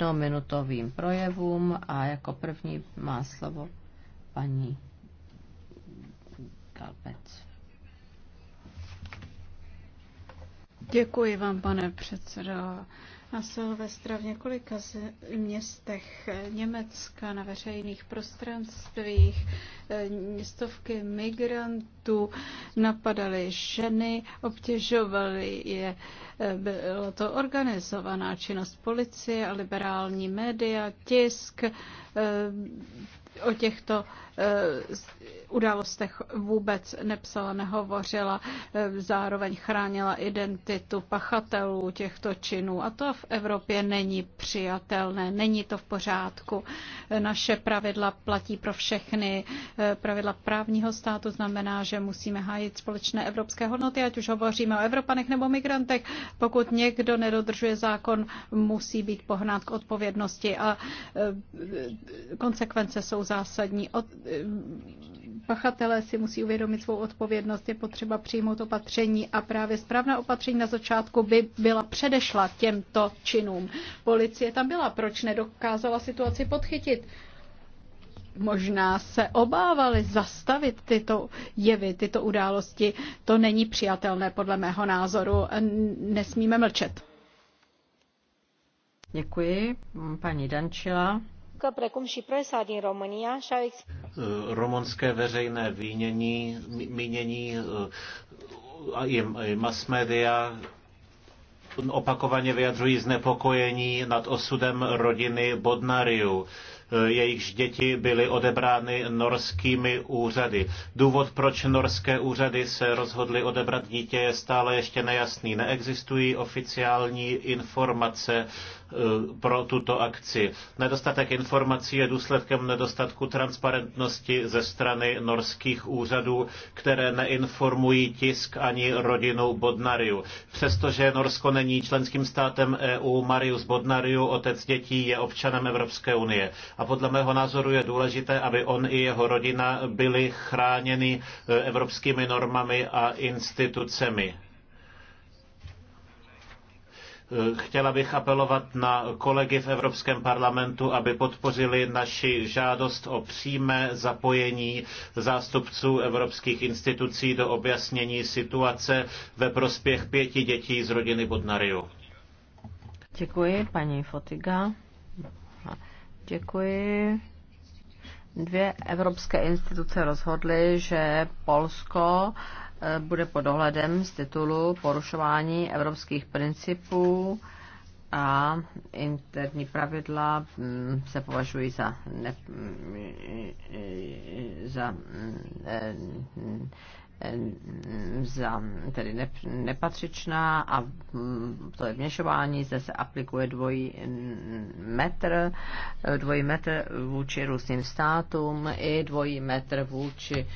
jednominutovým projevům a jako první má slovo paní Kalpec. Děkuji vám, pane předsedo a Silvestra v několika z městech Německa na veřejných prostranstvích. E, stovky migrantů napadaly ženy, obtěžovaly je. E, bylo to organizovaná činnost policie a liberální média, tisk, e, o těchto eh, událostech vůbec nepsala, nehovořila, eh, zároveň chránila identitu pachatelů těchto činů. A to v Evropě není přijatelné, není to v pořádku. Naše pravidla platí pro všechny. Eh, pravidla právního státu znamená, že musíme hájit společné evropské hodnoty, ať už hovoříme o Evropanech nebo migrantech. Pokud někdo nedodržuje zákon, musí být pohnán k odpovědnosti a konsekvence jsou zásadní. Od, eh, pachatelé si musí uvědomit svou odpovědnost, je potřeba přijmout opatření a právě správná opatření na začátku by byla předešla těmto činům. Policie tam byla, proč nedokázala situaci podchytit? možná se obávali zastavit tyto jevy, tyto události. To není přijatelné podle mého názoru. Nesmíme mlčet. Děkuji, paní Dančila. Rumunské eh, veřejné výnění, mínění i eh, mass media opakovaně vyjadřují znepokojení nad osudem rodiny Bodnariu. Eh, jejichž děti byly odebrány norskými úřady. Důvod, proč norské úřady se rozhodly odebrat dítě, je stále ještě nejasný. Neexistují oficiální informace eh, pro tuto akci. Nedostatek informací je důsledkem nedostatku transparentnosti ze strany norských úřadů, které neinformují tisk ani rodinu Bodnariu. Přestože Norsko není členským státem EU, Marius Bodnariu, otec dětí, je občanem Evropské unie a podle mého názoru je důležité, aby on i jeho rodina byli chráněni eh, evropskými normami a institucemi. Eh, chtěla bych apelovat na kolegy v Evropském parlamentu, aby podpořili naši žádost o přímé zapojení zástupců evropských institucí do objasnění situace ve prospěch pěti dětí z rodiny Bodnariu. Děkuji, paní Fotiga. Děkuji. Dvě evropské instituce rozhodly, že Polsko eh, bude pod dohledem z titulu porušování evropských principů a interní pravidla mm, se považují za, ne, mm, za mm, eh, Eh, za, tedy nepatřičná a to je vněšování, zde se aplikuje dvojí metr, dvojí metr vůči různým státům i dvojí metr vůči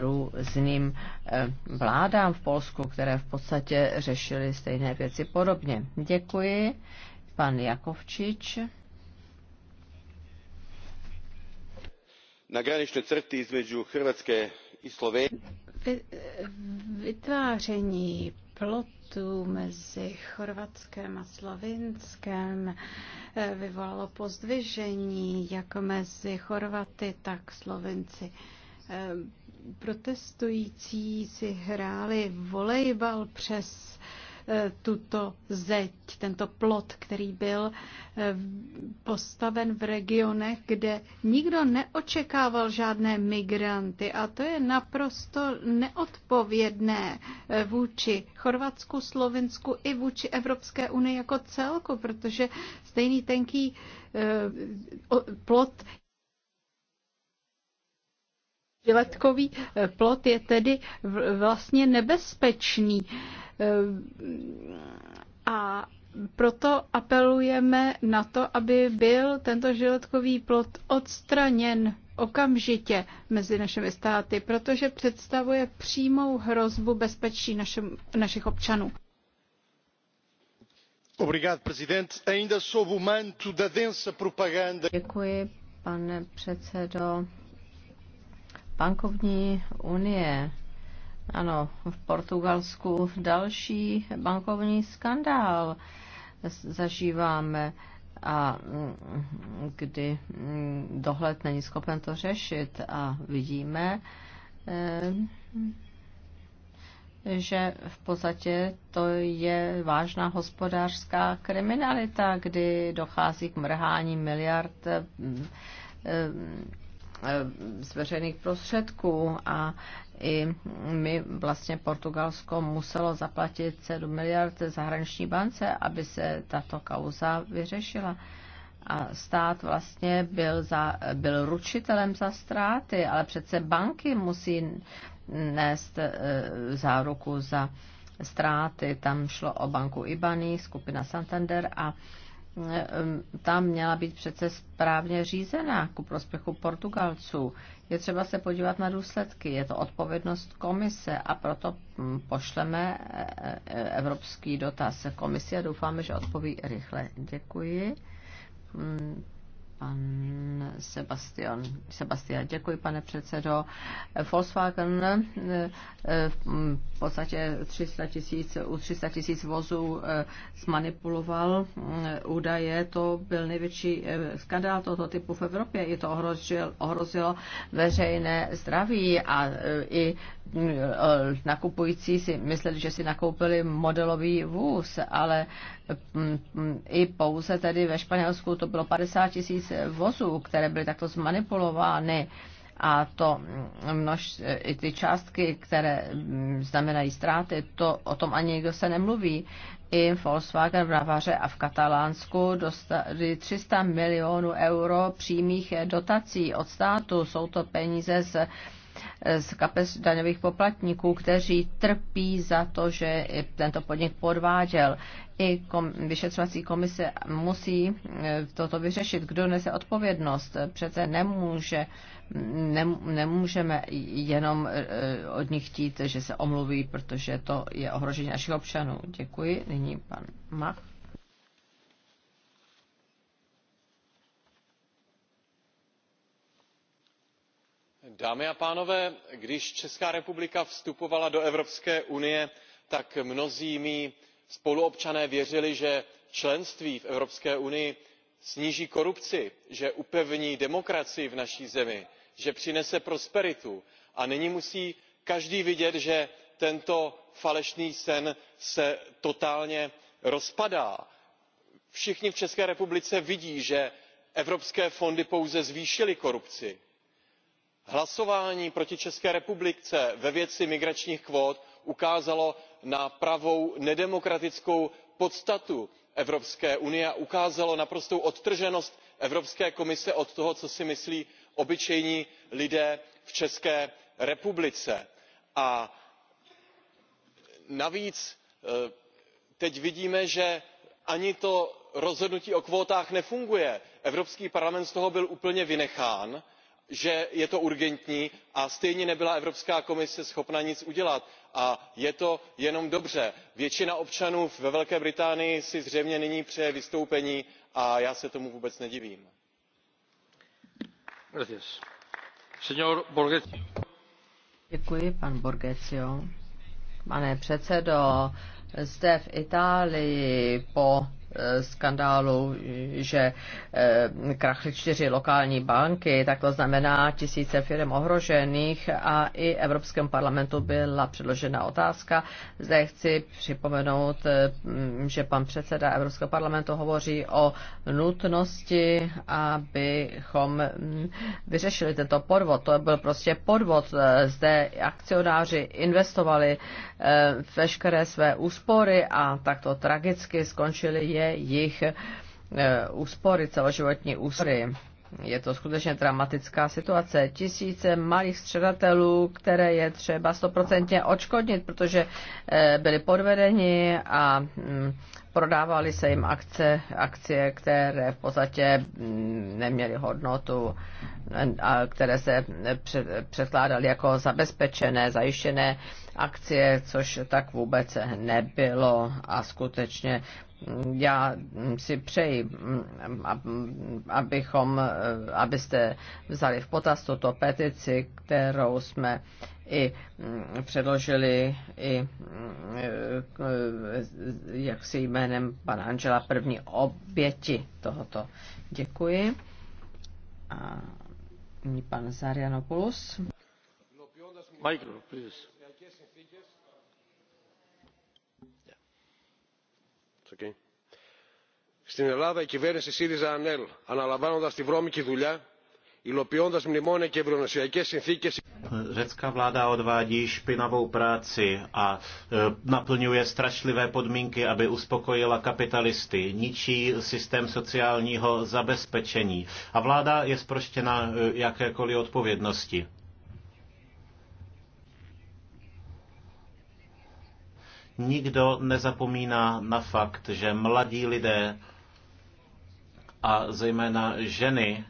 různým eh, vládám v Polsku, které v podstatě řešily stejné věci podobně. Děkuji. Pan Jakovčič. Na graničnoj crty između Hrvatske i Slovenie vytváření plotu mezi Chorvatském a Slovinském eh, vyvolalo pozdvižení jak mezi Chorvaty, tak Slovenci. Eh, protestující si hráli volejbal přes Eh, tuto zeď, tento plot, který byl eh, postaven v regionech, kde nikdo neočekával žádné migranty. A to je naprosto neodpovědné eh, vůči Chorvatsku, Slovensku i vůči Evropské unii jako celku, protože stejný tenký plot Žiletkový eh, plot je tedy vlastně nebezpečný. Eh, a proto apelujeme na to, aby byl tento žiletkový plot odstraněn okamžitě mezi našimi státy, protože představuje přímou hrozbu bezpečí našem, našich občanů. Děkuji, pane předsedo. Bankovní unie. Ano, v Portugalsku další bankovní skandál zažíváme a mm, kdy mm, dohled není schopen to řešit a vidíme, eh, že v podstatě to je vážná hospodářská kriminalita, kdy dochází k mrhání miliard eh, Eh, z veřejných prostředků a i my vlastně Portugalsko muselo zaplatit 7 miliard zahraniční bance, aby se tato kauza vyřešila. A stát vlastně byl, za, byl ručitelem za ztráty, ale přece banky musí nést eh, záruku za ztráty. Tam šlo o banku Ibany, skupina Santander a Ehm, tam měla být přece správně řízená ku prospěchu Portugalců. Je třeba se podívat na důsledky, je to odpovědnost komise a proto hm, pošleme e, e, evropský dotaz komisi a doufáme, že odpoví rychle. Děkuji. Hm, pan Sebastian. Sebastian, děkuji, pane předsedo. Volkswagen eh, eh, v podstatě 300 tisíc, u 300 tisíc vozů eh, zmanipuloval údaje. To byl největší skandál tohoto typu v Evropě. I to ohrozilo, ohrozilo veřejné zdraví a i nakupující si mysleli, že si nakoupili modelový vůz, ale Mm, mm, i pouze tedy ve Španělsku to bylo 50 tisíc vozů, které byly takto zmanipulovány a to mm, množ, i ty částky, které znamenají ztráty, to o tom ani nikdo se nemluví. I Volkswagen v Navaře a v Katalánsku dostali 300 milionů euro přímých dotací od státu. Jsou to peníze z z kapes daňových poplatníků, kteří trpí za to, že tento podnik podváděl. I kom, vyšetřovací komise musí e, toto vyřešit. Kdo nese odpovědnost? Přece nemůže, nem, nemůžeme jenom e, od nich chtít, že se omluví, protože to je ohrožení našich občanů. Děkuji. Nyní pan Mach. dámy a pánové když česká republika vstupovala do evropské unie tak mnozí mí spoluobčané věřili že členství v evropské unii sníží korupci že upevní demokracii v naší zemi že přinese prosperitu a nyní musí každý vidět že tento falešný sen se totálně rozpadá. všichni v české republice vidí že evropské fondy pouze zvýšily korupci hlasování proti české republice ve věci migračních kvót ukázalo na pravou nedemokratickou podstatu evropské unie a ukázalo naprostou odtrženost evropské komise od toho co si myslí obyčejní lidé v české republice. a navíc eh, teď vidíme že ani to rozhodnutí o kvótách nefunguje. evropský parlament z toho byl úplně vynechán že je to urgentní a stejně nebyla evropská komise schopna nic udělat a je to jenom dobře. většina občanů ve velké británii si zřejmě nyní přeje vystoupení a já se tomu vůbec nedivím. Děkuji, Pane předsedo, zde v Itálii po Eh, skandálu, že eh, krachly čtyři lokální banky, tak to znamená tisíce firm ohrožených a i Evropskému parlamentu byla předložena otázka. Zde chci připomenout, eh, že pan předseda Evropského parlamentu hovoří o nutnosti, abychom vyřešili tento podvod. To byl prostě podvod. Zde akcionáři investovali veškeré své úspory a takto tragicky skončili je jich eh, úspory, celoživotní úspory. Je to skutečně dramatická situace. Tisíce malých středatelů, které je třeba stoprocentně očkodnit, protože eh, byli podvedeni a mm, prodávaly se jim akce, akcie, které v podstatě mm, neměly hodnotu a které se překládaly jako zabezpečené, zajištěné akcie, což tak vůbec nebylo a skutečně mm, já si přeji, mm, abychom, e, abyste vzali v potaz tuto petici, kterou jsme i mm, předložili i mm, e, e, jak si jménem pana Angela první oběti tohoto. Děkuji. A pan Zarianopoulos. Micro, please. Στην Ελλάδα η κυβέρνηση ΣΥΡΙΖΑ ΑΝΕΛ αναλαμβάνοντας τη βρώμικη δουλειά Řecká vláda odvádí špinavou práci a e, naplňuje strašlivé podmínky, aby uspokojila kapitalisty, ničí systém sociálního zabezpečení a vláda je sproštěna e, jakékoliv odpovědnosti. Nikdo nezapomíná na fakt, že mladí lidé a zejména ženy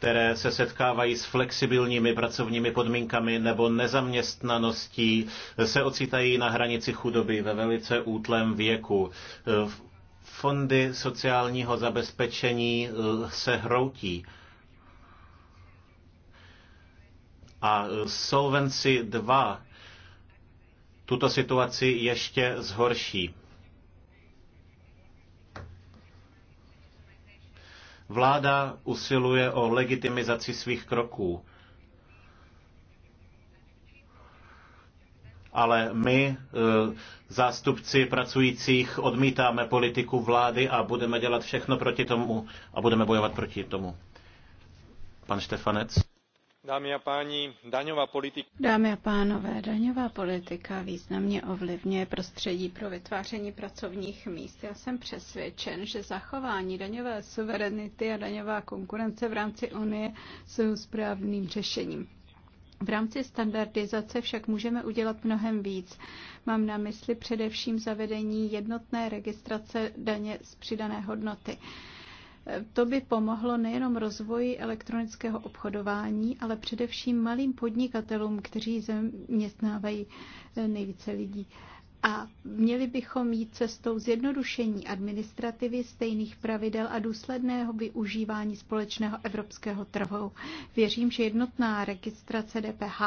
které se setkávají s flexibilními pracovními podmínkami nebo nezaměstnaností, se ocitají na hranici chudoby ve velice útlém věku. Fondy sociálního zabezpečení eh, se hroutí. A eh, Solvency 2 tuto situaci ještě zhorší. Vláda usiluje o legitimizaci svých kroků. ale my, eh, zástupci pracujících, odmítáme politiku vlády a budeme dělat všechno proti tomu a budeme bojovat proti tomu. Pan Štefanec. Dámy a, páni, daňová politika... Dámy a pánové, daňová politika významně ovlivňuje prostředí pro vytváření pracovních míst. Já jsem přesvědčen, že zachování daňové suverenity a daňová konkurence v rámci Unie jsou správným řešením. V rámci standardizace však můžeme udělat mnohem víc. Mám na mysli především zavedení jednotné registrace daně z přidané hodnoty. To by pomohlo nejenom rozvoji elektronického obchodování, ale především malým podnikatelům, kteří zaměstnávají eh, nejvíce lidí. A měli bychom jít cestou zjednodušení administrativy, stejných pravidel a důsledného využívání společného evropského trhu. Věřím, že jednotná registrace DPH,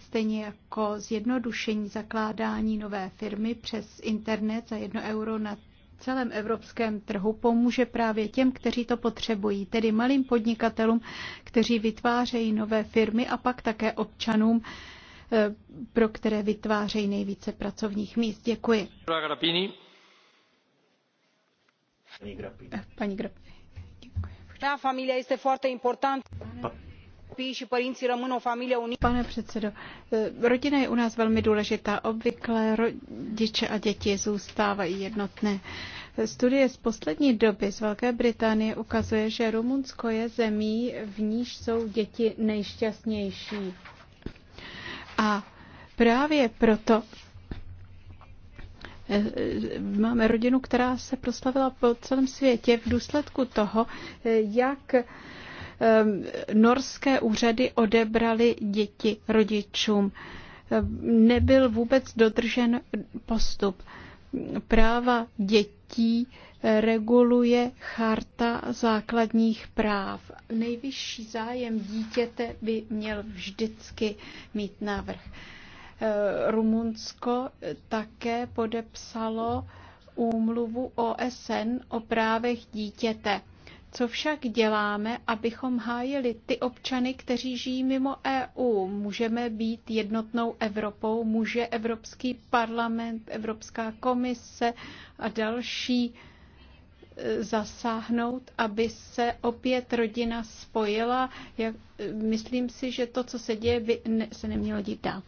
stejně jako zjednodušení zakládání nové firmy přes internet za jedno euro na celém evropském trhu pomůže právě těm, kteří to potřebují, tedy malým podnikatelům, kteří vytvářejí nové firmy a pak také občanům, eh, pro které vytvářejí nejvíce pracovních míst. Děkuji. Paní Grapini. grapini. Eh, Děkuji. Ta familia este foarte important. Pane předsedo, eh, rodina je u nás velmi důležitá. Obvykle rodiče a děti zůstávají jednotné. Studie z poslední doby z Velké Británie ukazuje, že Rumunsko je zemí, v níž jsou děti nejšťastnější. A právě proto eh, Máme rodinu, která se proslavila po celém světě v důsledku toho, eh, jak Ehm, norské úřady odebrali děti rodičům. Ehm, nebyl vůbec dodržen postup. Práva dětí eh, reguluje charta základních práv. Nejvyšší zájem dítěte by měl vždycky mít návrh. Eh, Rumunsko také podepsalo úmluvu OSN o právech dítěte. Co však děláme, abychom hájili ty občany, kteří žijí mimo EU? Můžeme být jednotnou Evropou, může Evropský parlament, Evropská komise a další e, zasáhnout, aby se opět rodina spojila. Jak, e, myslím si, že to, co se děje, by ne, se nemělo dít dál.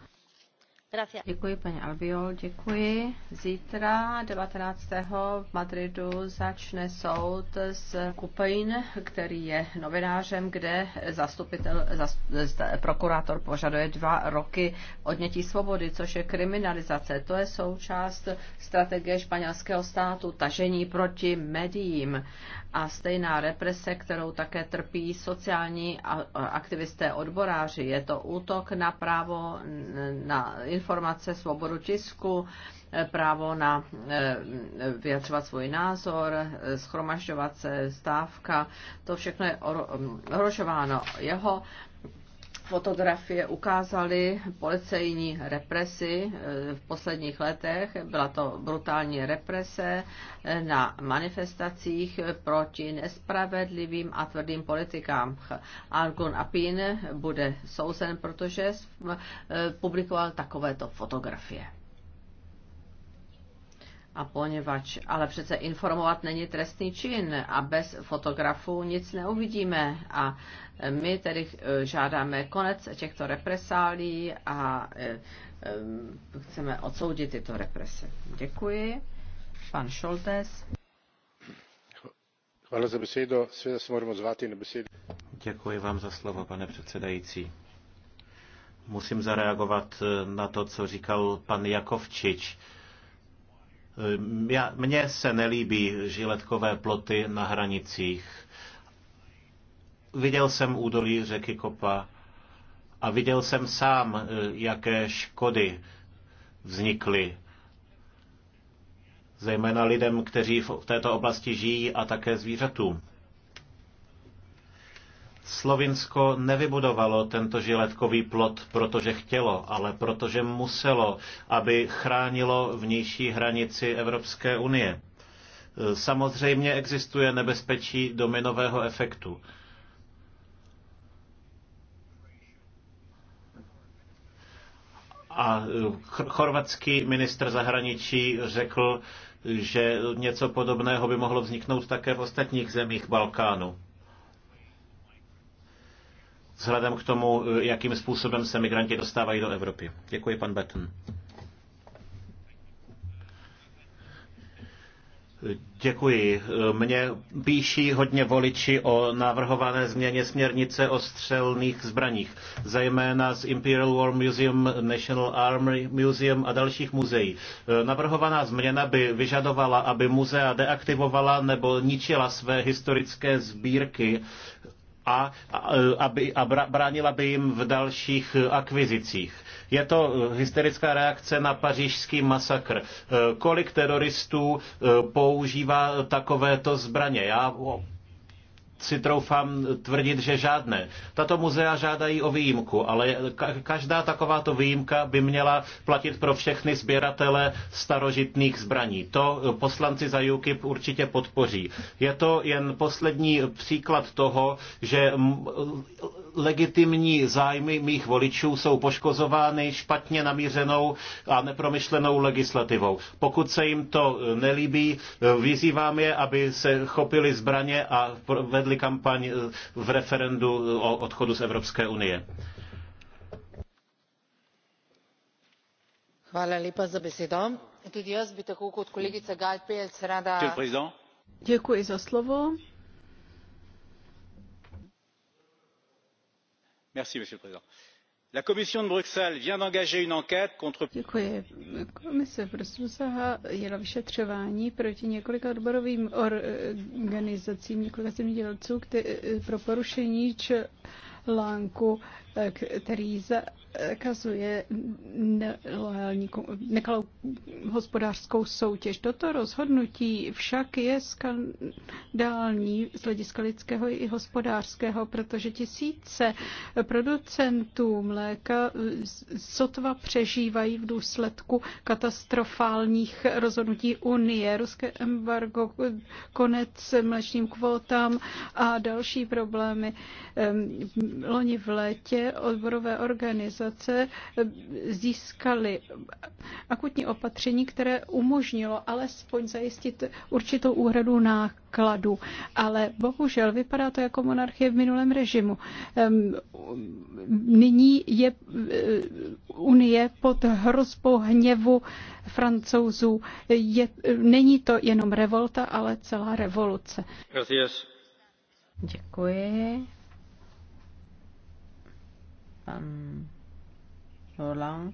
Děkuji, paní Albiol, děkuji. Zítra 19. v Madridu začne soud s Kupain, který je novinářem, kde zastupitel, zast, prokurátor požaduje dva roky odnětí svobody, což je kriminalizace. To je součást strategie španělského státu, tažení proti médiím a stejná represe, kterou také trpí sociální aktivisté odboráři. Je to útok na právo na informace, svobodu tisku, eh, právo na eh, vyjadřovat svůj názor, eh, schromažďovat se, stávka, to všechno je mm, ohrožováno. Jeho fotografie ukázaly policejní represi eh, v posledních letech. Byla to brutální represe eh, na manifestacích proti nespravedlivým a tvrdým politikám. Argun Apin bude souzen, protože eh, publikoval takovéto fotografie. A poněvadž, ale přece informovat není trestný čin a bez fotografů nic neuvidíme. A e, my tedy e, žádáme konec těchto represálí a e, chceme odsoudit tyto represe. Děkuji. Pan Šoltes. za besedo. se moramo na besedo. Děkuji vám za slovo, pane předsedající. Musím zareagovat na to, co říkal pan Jakovčič Ehm, mně se nelíbí žiletkové ploty na hranicích. Viděl jsem údolí řeky Kopa a viděl jsem sám, e, jaké škody vznikly zejména lidem, kteří v této oblasti žijí a také zvířatům. Slovinsko nevybudovalo tento žiletkový plot, protože chtělo, ale protože muselo, aby chránilo vnější hranici Evropské unie. Samozřejmě existuje nebezpečí dominového efektu. A eh, chorvatský ministr zahraničí řekl, že něco podobného by mohlo vzniknout také v ostatních zemích Balkánu vzhledem k tomu, eh, jakým způsobem se migranti dostávají do Evropy. Děkuji, pan Betten. Děkuji. Mně píší hodně voliči o navrhované změně směrnice o střelných zbraních, zejména z Imperial War Museum, National Army Museum a dalších muzeí. Navrhovaná změna by vyžadovala, aby muzea deaktivovala nebo ničila své historické sbírky a, aby, a bránila by jim v dalších akvizicích. Je to eh, hysterická reakce na pařížský masakr. Eh, kolik teroristů eh, používá takovéto zbraně? Já si troufám tvrdit, že žádné. Tato muzea žádají o výjimku, ale každá takováto výjimka by měla platit pro všechny sběratele starožitných zbraní. To poslanci za UKIP určitě podpoří. Je to jen poslední příklad toho, že legitimní zájmy mých voličů jsou poškozovány špatně namířenou a nepromyšlenou legislativou. Pokud se jim to nelíbí, vyzývám je, aby se chopili zbraně a vedli kampaň v referendu o odchodu z Evropské unie. Hvala lepa za besedo. Tudi jaz bi tako kot kolegica Gal rada... Děkuji za slovo. monsieur le président la commission de bruxelles vient d'engager une enquête contre. komise v bruselu zahájila vyšetřování proti několika odborovým organizacím několika zemědělců pro porušení článku který zakazuje nekalou hospodářskou soutěž. Toto rozhodnutí však je skandální z hlediska lidského i hospodářského, protože tisíce producentů mléka sotva přežívají v důsledku katastrofálních rozhodnutí Unie, ruské embargo, konec mlečným kvótám a další problémy. Loni v létě odborové organizace získaly akutní opatření, které umožnilo alespoň zajistit určitou úhradu nákladu. Ale bohužel vypadá to jako monarchie v minulém režimu. Nyní je eh, Unie pod hrozbou hněvu francouzů. Je, není to jenom revolta, ale celá revoluce. Gracias. Děkuji pan Roland,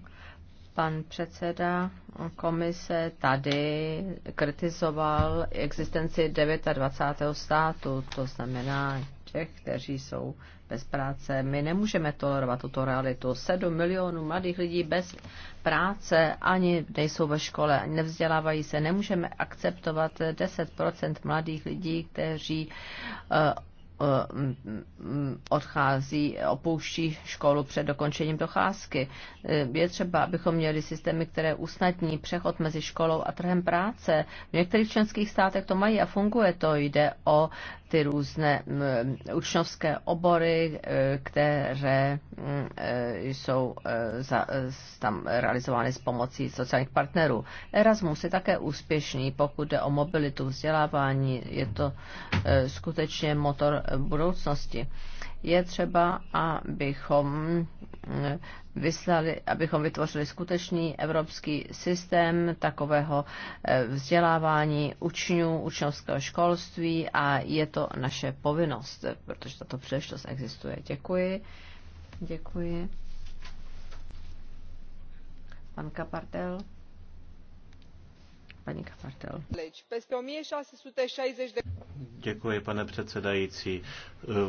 pan předseda komise tady kritizoval existenci 29. státu, to znamená těch, kteří jsou bez práce. My nemůžeme tolerovat tuto realitu. 7 milionů mladých lidí bez práce ani nejsou ve škole, ani nevzdělávají se. Nemůžeme akceptovat 10 mladých lidí, kteří eh, Eh, odchází, opouští školu před dokončením docházky. Eh, je třeba, abychom měli systémy, které usnadní přechod mezi školou a trhem práce. V některých členských státech to mají a funguje to. Jde o ty různé eh, učňovské obory, které mm, jsou tam realizovány s pomocí sociálních partnerů. Erasmus je také úspěšný, pokud jde o mobilitu vzdělávání. Je to skutečně motor v budoucnosti. Je třeba, abychom mm, vyslali, abychom vytvořili skutečný evropský systém takového eh, vzdělávání učňů, učňovského školství a je to naše povinnost, protože tato příležitost existuje. Děkuji. Děkuji. Pan Kapartel paní Kapartel. Děkuji, pane předsedající.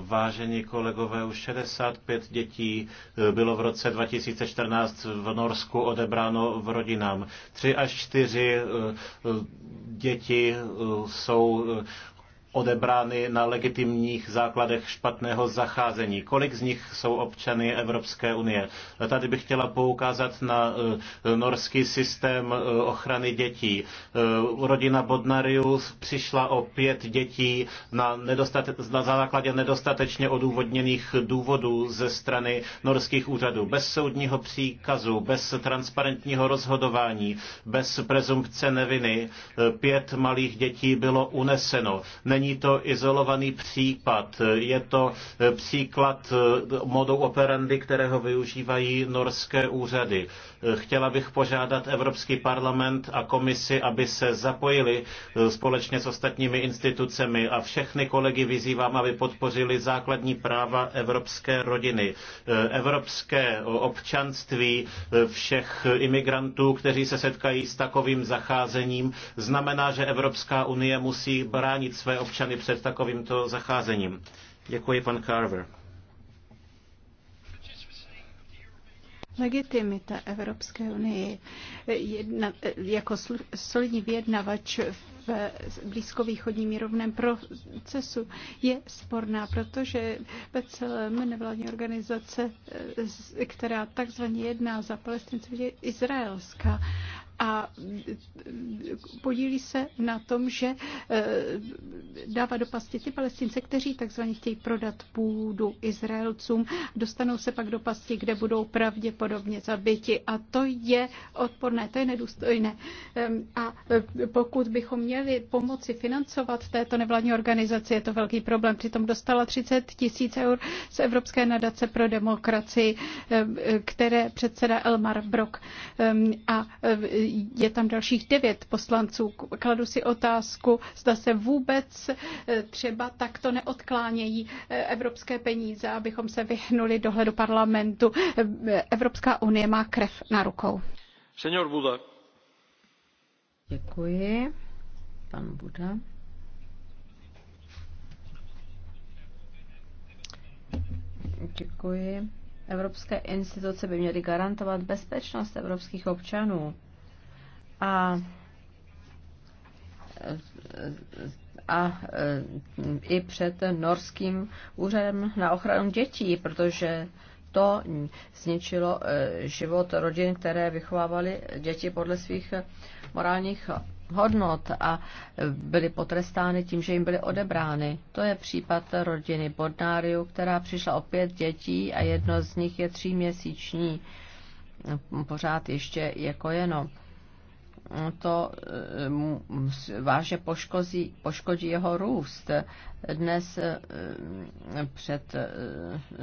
Vážení kolegové, už 65 dětí bylo v roce 2014 v Norsku odebráno v rodinám. Tři až čtyři eh, eh, děti eh, jsou odebrány na legitimních základech špatného zacházení. Kolik z nich jsou občany Evropské unie? Tady bych chtěla poukázat na eh, norský systém eh, ochrany dětí. Eh, rodina Bodnarius přišla o pět dětí na, na základě nedostatečně odůvodněných důvodů ze strany norských úřadů. Bez soudního příkazu, bez transparentního rozhodování, bez prezumpce neviny pět malých dětí bylo uneseno. Není není to izolovaný případ, je to eh, příklad eh, modou operandy, kterého využívají norské úřady. Eh, chtěla bych požádat Evropský parlament a komisi, aby se zapojili společně s ostatními institucemi a všechny kolegy vyzývám, aby podpořili základní práva evropské rodiny, evropské občanství všech imigrantů, kteří se setkají s takovým zacházením. Znamená, že Evropská unie musí bránit své občany občany před takovýmto zacházením. Děkuji, pan Carver. Legitimita Evropské unie jedna, jako solidní vyjednavač v blízkovýchodním mírovném procesu je sporná, protože BCLM, nevládní organizace, která takzvaně jedná za palestince, je izraelská a podílí se na tom, že eh, dává do pasti ty palestince, kteří takzvaně chtějí prodat půdu Izraelcům, dostanou se pak do pasti, kde budou pravděpodobně zabiti a to je odporné, to je nedůstojné. Ehm, a eh, pokud bychom měli pomoci financovat této nevládní organizaci, je to velký problém. Přitom dostala 30 tisíc eur z Evropské nadace pro demokracii, ehm, eh, které předseda Elmar Brok. Ehm, a je tam dalších devět poslanců. Kladu si otázku, zda se vůbec eh, třeba takto neodklánějí eh, evropské peníze, abychom se vyhnuli dohledu parlamentu. Eh, Evropská unie má krev na rukou. Senor Buda. Děkuji. Pan Buda. Děkuji. Evropské instituce by měly garantovat bezpečnost evropských občanů a a i před norským úřadem na ochranu dětí, protože to zničilo e, život rodin, které vychovávaly děti podle svých morálních hodnot a byly potrestány tím, že jim byly odebrány. To je případ rodiny Bodnáriu, která přišla o pět dětí a jedno z nich je tříměsíční, pořád ještě je kojeno to eh, vážně poškozí, poškodí jeho růst. Dnes eh, před eh,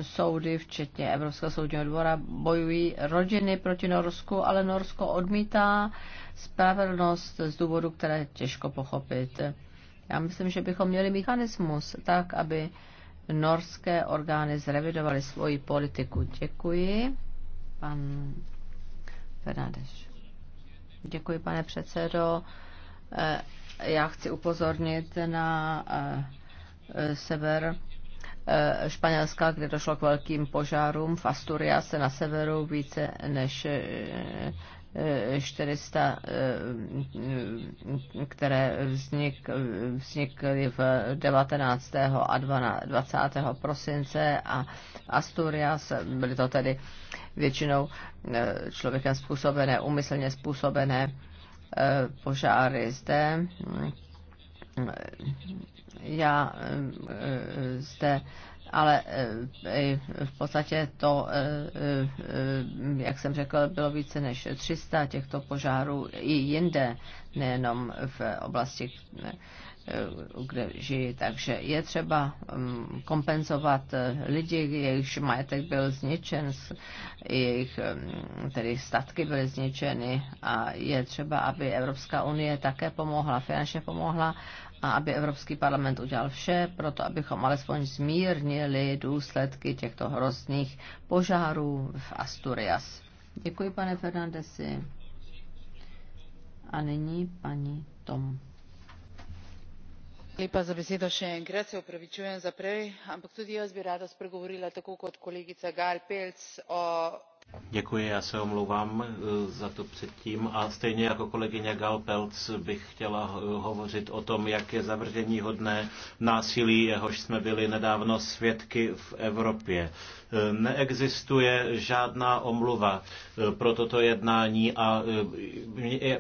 soudy, včetně Evropského soudního dvora, bojují rodiny proti Norsku, ale Norsko odmítá spravedlnost z důvodu, které je těžko pochopit. Já myslím, že bychom měli mechanismus tak, aby norské orgány zrevidovaly svoji politiku. Děkuji. Pan Fernández. Děkuji, pane předsedo. Eh, já chci upozornit na eh, sever eh, Španělska, kde došlo k velkým požárům. V se na severu více než 400, které vznik, vznikly v 19. a 20. prosince a Asturias, byly to tedy většinou eh, člověkem způsobené, umyslně způsobené eh, požáry zde. Eh, já zde ale v podstatě to, jak jsem řekl, bylo více než 300 těchto požárů i jinde, nejenom v oblasti Eh, kde žijí. Takže je třeba mm, kompenzovat eh, lidi, jejichž majetek byl zničen, jejich mm, tedy statky byly zničeny a je třeba, aby Evropská unie také pomohla, finančně pomohla a aby Evropský parlament udělal vše pro to, abychom alespoň zmírnili důsledky těchto hrozných požárů v Asturias. Děkuji, pane Fernandesi. A nyní paní Tom enkrat se opravičujem za prej ampak tudi jaz bi rada spregovorila tako kot kolegica gal pelcz o vprašanju romov. Děkuji, já se omlouvám e, za to předtím. A stejně jako kolegyně Galpelc bych chtěla hovořit o tom, jak je zavržení hodné násilí, jehož jsme byli nedávno svědky v Evropě. E, neexistuje žádná omluva e, pro toto jednání a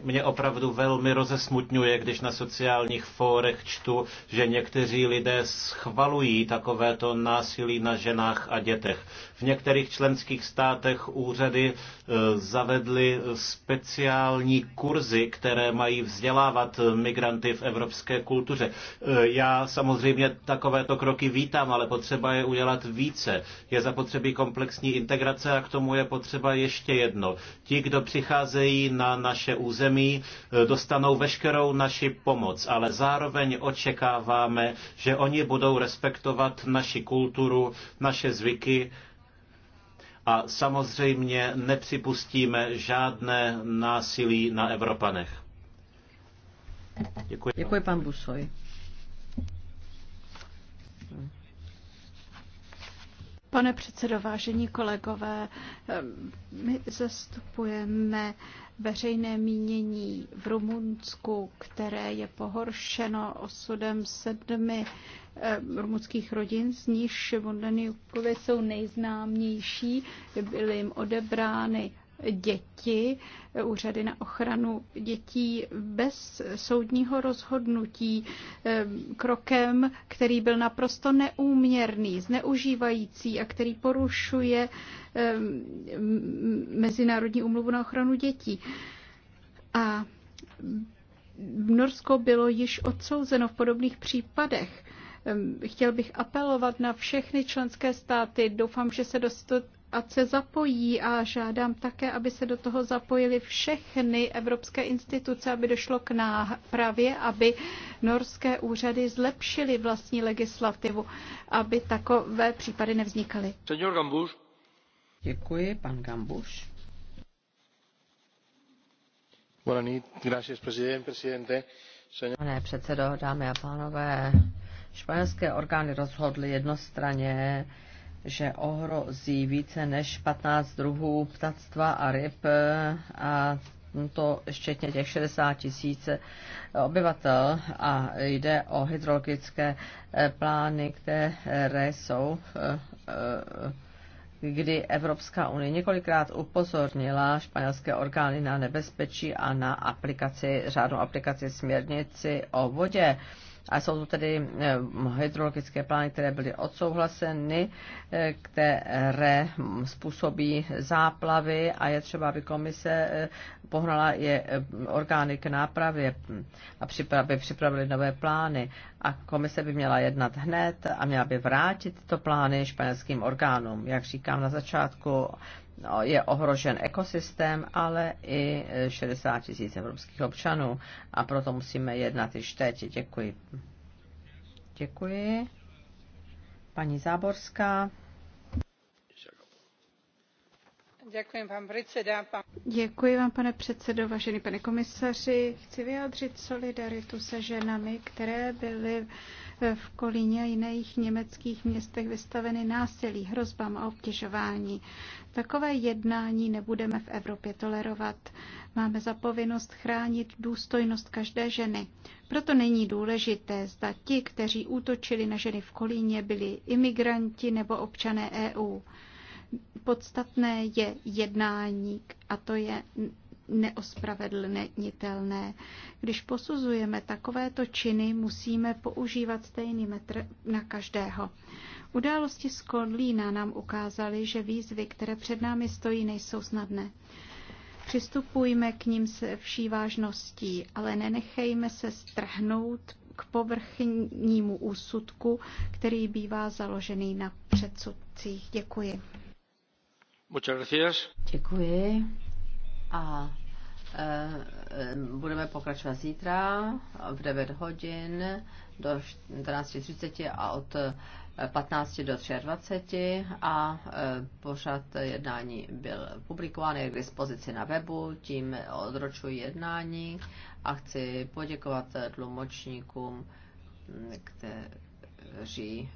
mě opravdu velmi rozesmutňuje, když na sociálních fórech čtu, že někteří lidé schvalují takovéto násilí na ženách a dětech. V některých členských státech úřady eh, zavedly speciální kurzy, které mají vzdělávat eh, migranty v evropské kultuře. Eh, já samozřejmě takovéto kroky vítám, ale potřeba je udělat více. Je zapotřebí komplexní integrace a k tomu je potřeba ještě jedno. Ti, kdo přicházejí na naše území, dostanou veškerou naši pomoc, ale zároveň očekáváme, že oni budou respektovat naši kulturu, naše zvyky, a samozřejmě nepřipustíme žádné násilí na Evropanech. Děkuji. Děkuji pan Busoj. Pane předsedo, vážení kolegové, ehm, my zastupujeme veřejné mínění v Rumunsku, které je pohoršeno osudem sedmi ehm, rumunských rodin, z nichž Vondany jsou nejznámější, byly jim odebrány děti, úřady na ochranu dětí bez soudního rozhodnutí eh, krokem, který byl naprosto neúměrný, zneužívající a který porušuje eh, Mezinárodní umluvu na ochranu dětí. A Norsko bylo již odsouzeno v podobných případech. Ehm, chtěl bych apelovat na všechny členské státy. Doufám, že se ať se zapojí a žádám také, aby se do toho zapojili všechny evropské instituce, aby došlo k nápravě, aby norské úřady zlepšily vlastní legislativu, aby takové případy nevznikaly. Senior Gambuš. Děkuji, pan Gambuš. Pane předsedo, dámy a pánové, španělské orgány rozhodly jednostranně, že ohrozí více než 15 druhů ptactva a ryb a to ještě těch 60 tisíc obyvatel a jde o hydrologické eh, plány, které jsou eh, eh, kdy Evropská unie několikrát upozornila španělské orgány na nebezpečí a na aplikaci, řádnou aplikaci směrnici o vodě. A jsou tu tedy eh, hydrologické plány, které byly odsouhlaseny, eh, které způsobí záplavy a je třeba, aby komise eh, pohnala je orgány k nápravě, a připravy, připravili nové plány. A komise by měla jednat hned a měla by vrátit tyto plány španělským orgánům. Jak říkám na začátku, No, je ohrožen ekosystém, ale i 60 e, tisíc evropských občanů a proto musíme jednat již teď. Děkuji. Děkuji. Paní Záborská. Děkuji vám, pane předsedo, vážený pane komisaři. Chci vyjádřit solidaritu se ženami, které byly v Kolíně a jiných německých městech vystaveny násilí, hrozbám a obtěžování. Takové jednání nebudeme v Evropě tolerovat. Máme za povinnost chránit důstojnost každé ženy. Proto není důležité, zda ti, kteří útočili na ženy v Kolíně, byli imigranti nebo občané EU podstatné je jednání a to je neospravedlnitelné. Když posuzujeme takovéto činy, musíme používat stejný metr na každého. Události z Kodlína nám ukázaly, že výzvy, které před námi stojí, nejsou snadné. Přistupujme k ním se vší vážností, ale nenechejme se strhnout k povrchnímu úsudku, který bývá založený na předsudcích. Děkuji. Děkuji. A Eh, budeme pokračovat zítra v 9 hodin do 14.30 a od 15 eh, do 23 a eh, pořad jednání byl publikován, je k dispozici na webu, tím odročuji jednání a chci poděkovat tlumočníkům, mm, kteří